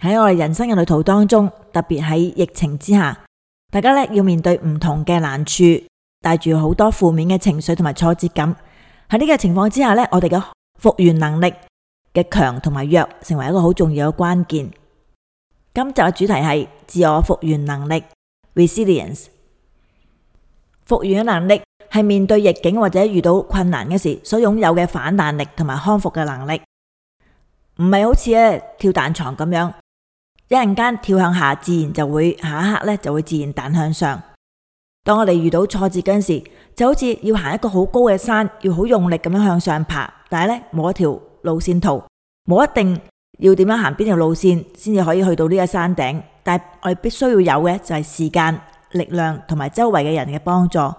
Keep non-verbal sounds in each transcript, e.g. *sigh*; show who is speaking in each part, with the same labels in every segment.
Speaker 1: 喺我哋人生嘅旅途當中，特別喺疫情之下，大家呢要面對唔同嘅難處，帶住好多負面嘅情緒同埋挫折感。喺呢個情況之下呢，我哋嘅復原能力嘅強同埋弱，成為一個好重要嘅關鍵。今集嘅主題係自我復原能力 （Resilience）。復原嘅能力係面對逆境或者遇到困難嘅時，所擁有嘅反彈力同埋康復嘅能力，唔係好似跳彈床咁樣。一陣間跳向下，自然就會下一刻咧就會自然彈向上。當我哋遇到挫折嗰陣時候，就好似要行一個好高嘅山，要好用力咁樣向上爬，但係咧冇一條路線圖，冇一定要點樣行邊條路線先至可以去到呢個山頂。但係我哋必須要有嘅就係時間、力量同埋周圍嘅人嘅幫助，而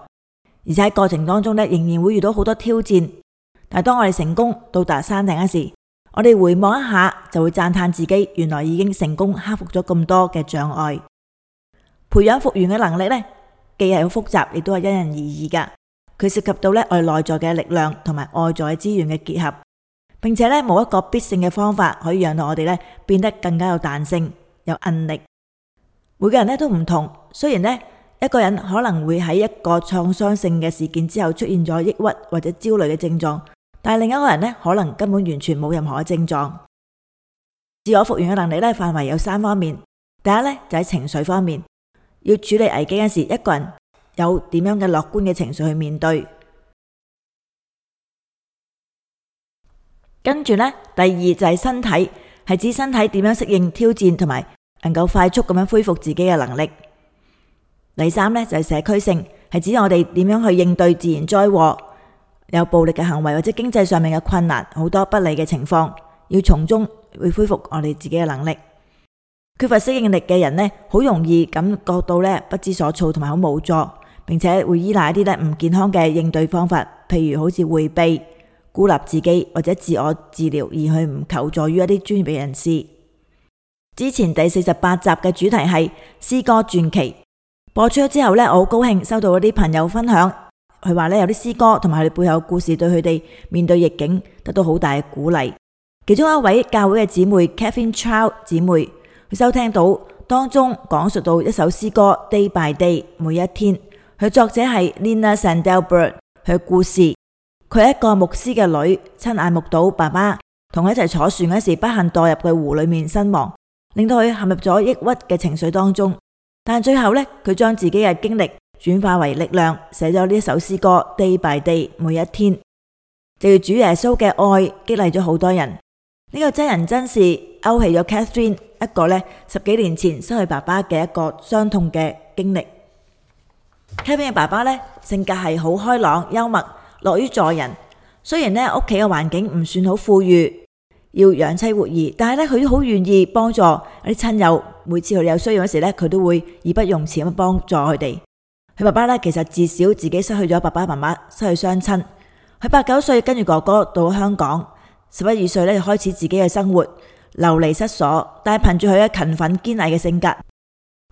Speaker 1: 且喺過程當中咧仍然會遇到好多挑戰。但係當我哋成功到達山頂嗰時候，我哋回望一下，就會讚嘆自己原來已經成功克服咗咁多嘅障礙。培養復原嘅能力呢，既係好複雜，亦都係因人而異噶。佢涉及到呢我哋內在嘅力量同埋外在嘅資源嘅結合，並且呢冇一個必勝嘅方法可以讓到我哋呢變得更加有彈性、有韌力。每個人呢都唔同，雖然呢一個人可能會喺一個創傷性嘅事件之後出現咗抑鬱或者焦慮嘅症狀。但另一個人可能根本完全冇任何嘅症狀，自我復原嘅能力呢，範圍有三方面。第一呢就喺情緒方面，要處理危機嘅時，一個人有點樣嘅樂觀嘅情緒去面對。跟住呢，第二就係身體，係指身體點樣適應挑戰，同埋能夠快速咁樣恢復自己嘅能力。第三呢就係社區性，係指我哋點樣去應對自然災禍，有暴力嘅行為或者經濟上面嘅困難，好多不利嘅情況，要從中會恢復我哋自己嘅能力。缺乏適應力嘅人呢，好容易感覺到呢，不知所措同埋好無助，並且會依賴一啲呢唔健康嘅應對方法，譬如好似回避、孤立自己或者自我治療，而去唔求助於一啲專業嘅人士。之前第四十八集嘅主題係詩歌傳奇，播出咗之後呢，我好高興收到一啲朋友分享。佢話咧有啲詩歌同埋佢背後嘅故事，對佢哋面對逆境得到好大嘅鼓勵。其中一位教會嘅姊妹 Katherine Chow 姊妹，佢收聽到當中講述到一首詩歌《Day by Day》，每一天佢作者係 Lina Sandell Berg，佢嘅故事佢係一個牧師嘅女，親眼目睹爸爸同佢一齊坐船嗰時不幸墮入佢湖裏面身亡，令到佢陷入咗抑鬱嘅情緒當中。但最後呢，佢將自己嘅經歷，轉化為力量，寫咗呢首詩歌《Day by Day》每一天，藉著主耶穌嘅愛激勵咗好多人。呢個真人真事勾起咗 Katherine 一個呢十幾年前失去爸爸嘅一個傷痛嘅經歷。Katherine 嘅爸爸呢，性格係好開朗、幽默、樂於助人。雖然呢屋企嘅環境唔算好富裕，要養妻活兒，但係呢佢都好願意幫助啲親友。每次佢哋有需要嘅時呢，佢都會義不容辭咁幫助佢哋。佢爸爸咧，其實自小自己失去咗爸爸媽媽，失去雙親。佢八九歲跟住哥哥到香港，十一二歲咧就開始自己嘅生活，流離失所。但係憑住佢嘅勤奮堅毅嘅性格，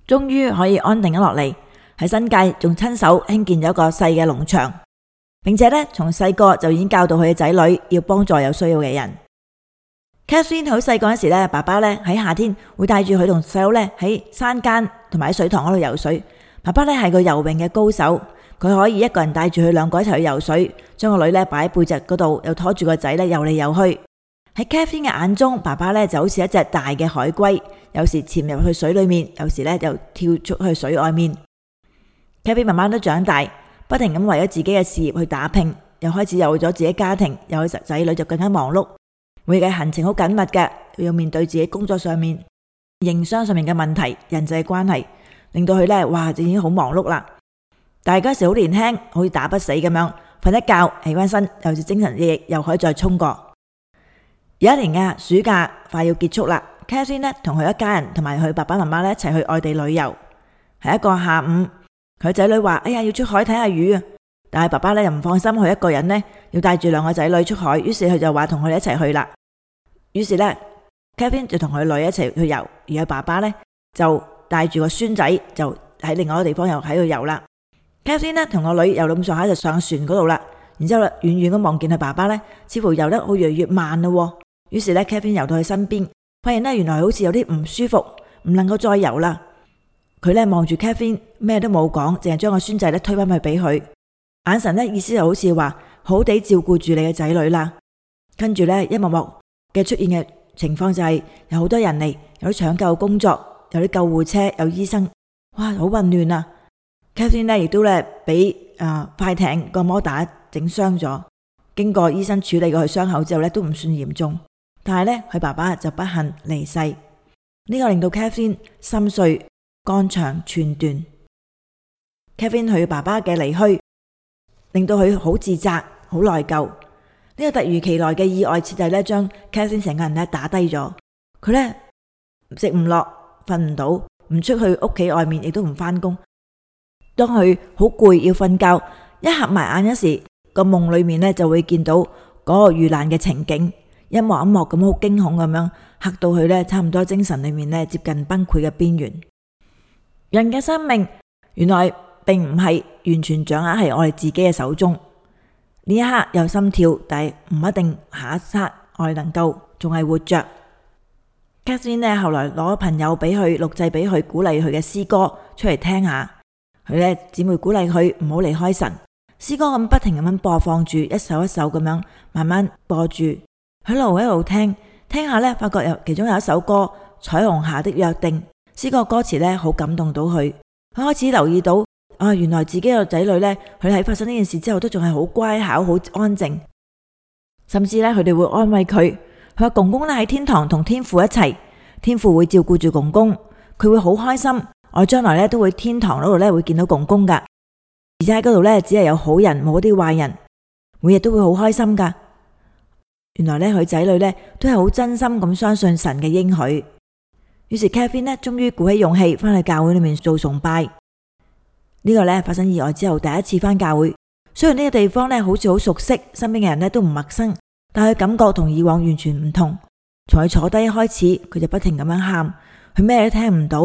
Speaker 1: 終於可以安定咗落嚟。喺新界仲親手興建咗一個細嘅農場，並且咧從細個就已經教導佢嘅仔女要幫助有需要嘅人。Catherine *music* 好細個嗰時咧，爸爸咧喺夏天會帶住佢同細佬咧喺山間同埋喺水塘嗰度游水。爸爸咧，係個游泳嘅高手，佢可以一個人帶住佢兩個一齊去游水，將個女咧擺喺背脊嗰度，又拖住個仔咧游嚟游去。喺 Katherine 嘅眼中，爸爸咧就好似一隻大嘅海龜，有時潛入去水裏面，有時咧又跳出去水外面。Katherine 慢慢都長大，不停咁為咗自己嘅事業去打拼，又開始有咗自己家庭，又有仔女就更加忙碌，每日嘅行程好緊密嘅，要面對自己工作上面、營商上面嘅問題、人際關係。令到佢呢哇，就已經好忙碌啦。大家時好年輕，好似打不死咁樣，瞓一覺，起翻身，又似精神奕奕，又可以再衝過。有一年嘅暑假快要結束啦，Katherine 呢同佢一家人同埋佢爸爸媽媽呢一齊去外地旅遊。係一個下午，佢仔女話：哎呀，要出海睇下魚啊！但係爸爸呢又唔放心佢一個人呢要帶住兩個仔女出海，於是佢就話同佢哋一齊去啦。於是呢，Katherine 就同佢女一齊去游，而佢爸爸呢就。帶住個孫仔就喺另外一個地方又喺度游啦。Katherine 呢同個女又咁上下就上船嗰度啦，然之後啦遠遠咁望見佢爸爸呢，似乎游得好越嚟越慢啦、哦。於是呢 Katherine 游到佢身邊，發現呢原來好似有啲唔舒服，唔能夠再游啦。佢呢望住 Katherine 咩都冇講，淨係將個孫仔咧推翻去俾佢，眼神呢意思就好似話好地照顧住你嘅仔女啦。跟住呢，一幕幕嘅出現嘅情況就係、是、有好多人嚟，有啲搶救工作。有啲救護車，有醫生，哇，好混亂啊！Katherine 咧亦都咧俾啊快艇個摩打整傷咗，經過醫生處理過佢傷口之後咧都唔算嚴重，但係咧佢爸爸就不幸離世，呢、這個令到 Katherine 心碎肝腸寸斷。Katherine 佢爸爸嘅離去令到佢好自責，好內疚。呢、這個突如其來嘅意外徹底咧，將 Katherine 成個人咧打低咗，佢咧食唔落，瞓唔到，唔出去屋企外面，亦都唔翻工。當佢好攰要瞓覺，一合埋眼，一時個夢裏面呢就會見到嗰個遇難嘅情景，一幕一幕咁好驚恐咁樣吓到佢呢，差唔多精神裏面呢接近崩潰嘅邊緣。人嘅生命原來並唔係完全掌握喺我哋自己嘅手中，呢一刻有心跳，但係唔一定下一刻我哋能夠仲係活着。Katherine 呢，後來攞朋友俾佢錄製，俾佢鼓勵佢嘅詩歌出嚟聽下。佢呢，姊妹鼓勵佢唔好離開神。詩歌咁不停咁樣播放住，一首一首咁樣慢慢播住。佢一路一路聽，聽下呢，發覺其中有一首歌《彩虹下的約定》，詩歌嘅歌詞呢，好感動到佢。佢開始留意到，啊，原來自己個仔女呢，佢喺發生呢件事之後都仲係好乖巧、好安靜，甚至呢，佢哋會安慰佢。佢話公公咧，喺天堂同天父一齊，天父會照顧住公公，佢會好開心。我將來咧都會天堂嗰度咧會見到公公噶，而且喺嗰度咧只係有好人冇啲壞人，每日都會好開心噶。原來咧佢仔女咧都係好真心咁相信神嘅應許。於是 Katherine 咧終於鼓起勇氣翻去教會裏面做崇拜。呢、這個咧發生意外之後第一次翻教會，雖然呢個地方咧好似好熟悉，身邊嘅人咧都唔陌生。但係佢感覺同以往完全唔同，從佢坐低一開始，佢就不停咁樣喊，佢咩都聽唔到，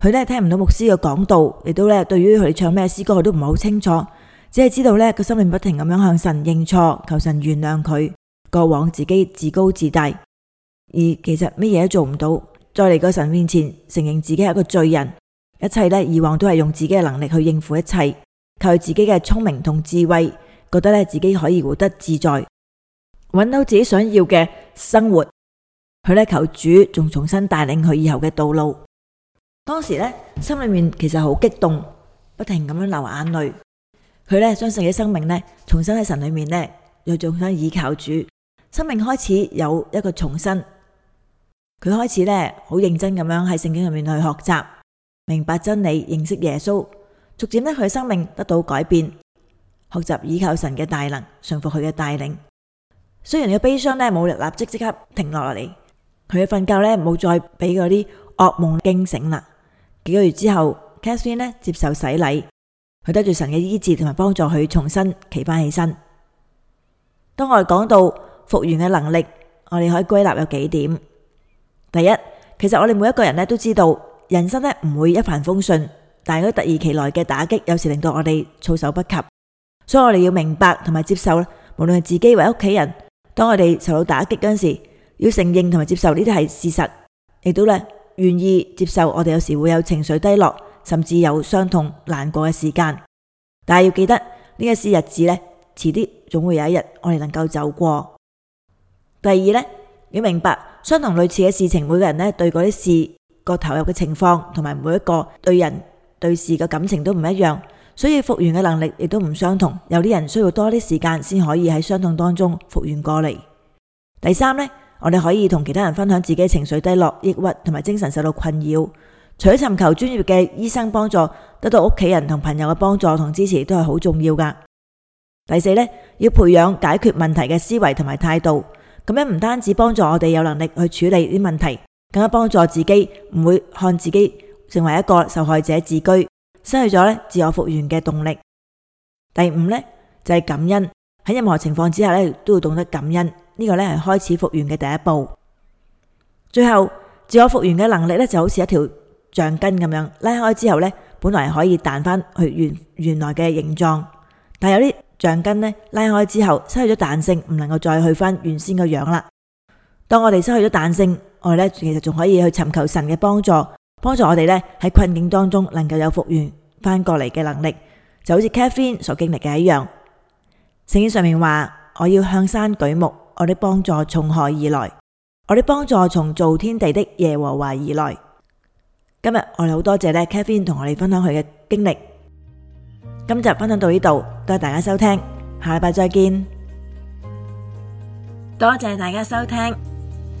Speaker 1: 佢呢聽唔到牧師嘅講道，亦都呢對於佢哋唱咩詩歌，佢都唔係好清楚，只係知道呢，佢心裏不停咁樣向神認錯，求神原諒佢過往自己自高自大，而其實咩嘢都做唔到，再嚟個神面前承認自己係一個罪人，一切呢以往都係用自己嘅能力去應付一切，靠自己嘅聰明同智慧，覺得呢自己可以活得自在。揾到自己想要嘅生活，佢呢求主仲重新帶領佢以後嘅道路。當時呢，心裏面其實好激動，不停咁樣流眼淚。佢呢將自己嘅生命呢，重新喺神裏面呢，又重新倚靠主，生命開始有一個重生。佢開始呢好認真咁樣喺聖經入面去學習，明白真理，認識耶穌，逐漸呢佢嘅生命得到改變，學習倚靠神嘅大能，順服佢嘅帶領。雖然你嘅悲傷咧冇力立即即刻停落嚟，佢嘅瞓覺咧冇再俾嗰啲噩夢驚醒啦。幾個月之後，Katherine 接受洗禮，佢得住神嘅醫治同埋幫助，佢重新企翻起身。當我哋講到復原嘅能力，我哋可以歸納有幾點。第一，其實我哋每一個人咧都知道，人生咧唔會一帆風順，但係佢突如其來嘅打擊，有時令到我哋措手不及。所以我哋要明白同埋接受啦，無論係自己或者屋企人。當我哋受到打擊嗰陣時，要承認同埋接受呢啲係事實，亦都咧願意接受我哋有時會有情緒低落，甚至有傷痛、難過嘅時間。但係要記得呢一啲日子咧，遲啲總會有一日我哋能夠走過。第二咧，要明白相同類似嘅事情，每個人咧對嗰啲事個投入嘅情況，同埋每一個對人對事嘅感情都唔一樣。所以復原嘅能力亦都唔相同，有啲人需要多啲時間先可以喺傷痛當中復原過嚟。第三呢，我哋可以同其他人分享自己情緒低落、抑鬱同埋精神受到困擾，除咗尋求專業嘅醫生幫助，得到屋企人同朋友嘅幫助同支持都係好重要㗎。第四呢，要培養解決問題嘅思維同埋態度，咁樣唔單止幫助我哋有能力去處理啲問題，更加幫助自己唔會看自己成為一個受害者自居。失去咗自我復原嘅動力。第五呢，就係感恩，喺任何情況之下都要懂得感恩，呢個呢，係開始復原嘅第一步。最後自我復原嘅能力呢，就好似一條橡筋咁樣拉開之後呢，本來可以彈翻去原原來嘅形狀，但係有啲橡筋呢，拉開之後失去咗彈性，唔能夠再去翻原先嘅樣啦。當我哋失去咗彈性，我哋呢，其實仲可以去尋求神嘅幫助。幫助我哋呢喺困境當中能夠有復原翻過嚟嘅能力，就好似 Katherine 所經歷嘅一樣。聖經上面話：我要向山舉目，我的幫助從何而來？我的幫助從造天地的耶和華而來。今日我哋好多謝呢 Katherine 同我哋分享佢嘅經歷。今集分享到呢度，多謝大家收聽，下禮拜再見。多謝大家收聽。